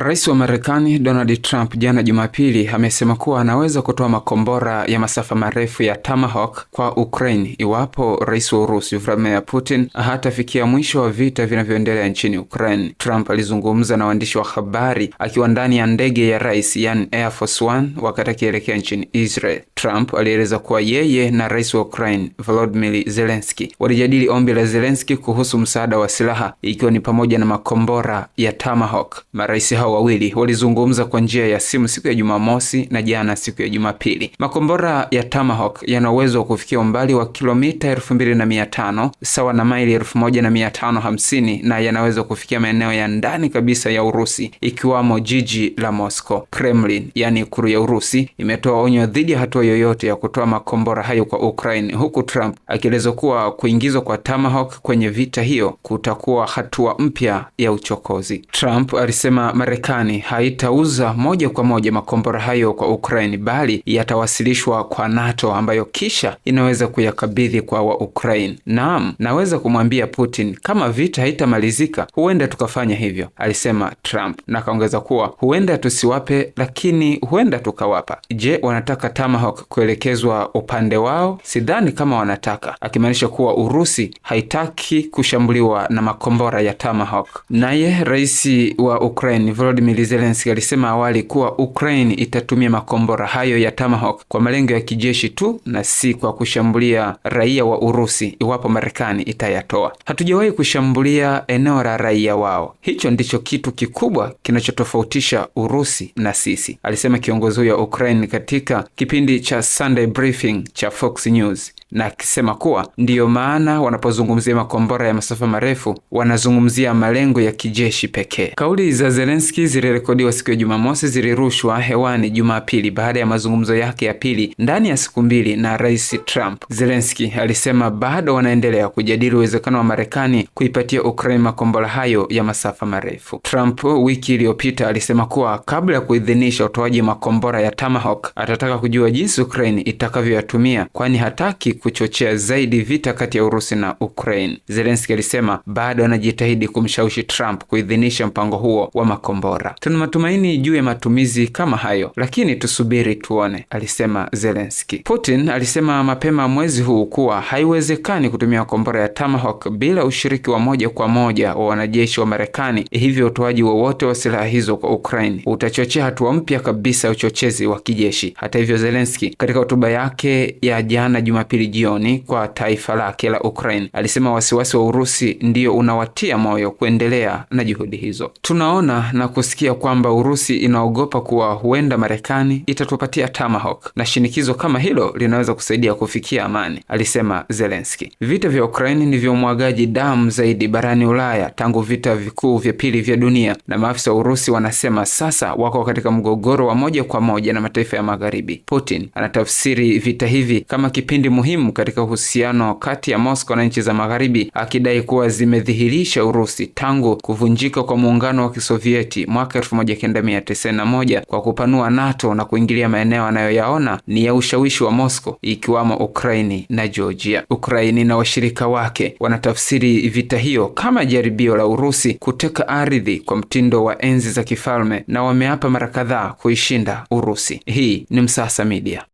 Rais wa Marekani Donald Trump jana Jumapili amesema kuwa anaweza kutoa makombora ya masafa marefu ya Tomahawk kwa Ukraine iwapo rais wa Urusi Vladimir Putin hatafikia mwisho wa vita vinavyoendelea nchini Ukraine. Trump alizungumza na waandishi wa habari akiwa ndani ya ndege ya rais, yani Air Force One, wakati akielekea nchini Israel. Trump alieleza kuwa yeye na rais wa Ukraine Volodymyr Zelensky walijadili ombi la Zelensky kuhusu msaada wa silaha, ikiwa ni pamoja na makombora ya Tomahawk. Marais hao hao wawili walizungumza kwa njia ya simu siku ya Jumamosi na jana siku ya Jumapili. Makombora ya Tomahawk yana uwezo wa kufikia umbali wa kilomita 2500 sawa na maili 1550 na yanaweza kufikia maeneo ya ndani kabisa ya Urusi ikiwamo jiji la Moscow. Kremlin, yani ikulu ya Urusi, imetoa onyo dhidi ya hatua yoyote ya kutoa makombora hayo kwa Ukraine, huku Trump akieleza kuwa kuingizwa kwa Tomahawk kwenye vita hiyo kutakuwa hatua mpya ya uchokozi. Trump alisema Marekani Marekani haitauza moja kwa moja makombora hayo kwa Ukraini, bali yatawasilishwa kwa NATO ambayo kisha inaweza kuyakabidhi kwa wa Ukraini. Naam, naweza kumwambia Putin kama vita haitamalizika, huenda tukafanya hivyo, alisema Trump, na akaongeza kuwa huenda tusiwape, lakini huenda tukawapa. Je, wanataka Tomahawk kuelekezwa upande wao? Sidhani kama wanataka, akimaanisha kuwa Urusi haitaki kushambuliwa na makombora ya Tomahawk. Naye rais wa Ukraine Volodymyr Zelensky alisema awali kuwa Ukraine itatumia makombora hayo ya Tomahawk kwa malengo ya kijeshi tu na si kwa kushambulia raia wa Urusi iwapo Marekani itayatoa. Hatujawahi kushambulia eneo la raia wao, hicho ndicho kitu kikubwa kinachotofautisha Urusi na sisi, alisema kiongozi huyo wa Ukraine katika kipindi cha Sunday briefing cha Fox News na akisema kuwa ndiyo maana wanapozungumzia makombora ya masafa marefu wanazungumzia malengo ya kijeshi pekee. Kauli za Zelensky Zelenski zilirekodiwa siku ya Jumamosi, zilirushwa hewani Jumapili baada ya mazungumzo yake ya pili ndani ya siku mbili na Rais Trump. Zelenski alisema bado wanaendelea kujadili uwezekano wa Marekani kuipatia Ukraine makombora hayo ya masafa marefu. Trump wiki iliyopita alisema kuwa kabla ya kuidhinisha utoaji makombora ya Tomahawk atataka kujua jinsi Ukraine itakavyoyatumia, kwani hataki kuchochea zaidi vita kati ya Urusi na Ukraine. Zelenski alisema bado anajitahidi kumshawishi Trump kuidhinisha mpango huo wa makombora makombora. Tuna matumaini juu ya matumizi kama hayo, lakini tusubiri tuone, alisema zelenski Putin alisema mapema mwezi huu kuwa haiwezekani kutumia kombora ya tamahok bila ushiriki wa moja kwa moja wa wanajeshi wa Marekani, hivyo utoaji wowote wa, wa silaha hizo kwa Ukraine utachochea hatua mpya kabisa ya uchochezi wa kijeshi. Hata hivyo, zelenski katika hotuba yake ya jana Jumapili jioni kwa taifa lake la Ukraine alisema wasiwasi wa Urusi ndiyo unawatia moyo kuendelea na juhudi hizo. Tunaona na kusikia kwamba Urusi inaogopa kuwa huenda Marekani itatupatia Tomahawk na shinikizo kama hilo linaweza kusaidia kufikia amani, alisema zelenski Vita vya ukraini ni vya umwagaji damu zaidi barani Ulaya tangu vita vikuu vya pili vya dunia, na maafisa wa Urusi wanasema sasa wako katika mgogoro wa moja kwa moja na mataifa ya Magharibi. Putin anatafsiri vita hivi kama kipindi muhimu katika uhusiano kati ya Moscow na nchi za Magharibi, akidai kuwa zimedhihirisha Urusi tangu kuvunjika kwa muungano wa Kisovieti Sovieti mwaka 1991 kwa kupanua NATO na kuingilia maeneo anayoyaona ni ya ushawishi wa Moscow ikiwamo Ukraini na Georgia. Ukraini na washirika wake wanatafsiri vita hiyo kama jaribio la Urusi kuteka ardhi kwa mtindo wa enzi za kifalme na wameapa mara kadhaa kuishinda Urusi. Hii ni Msasa Media.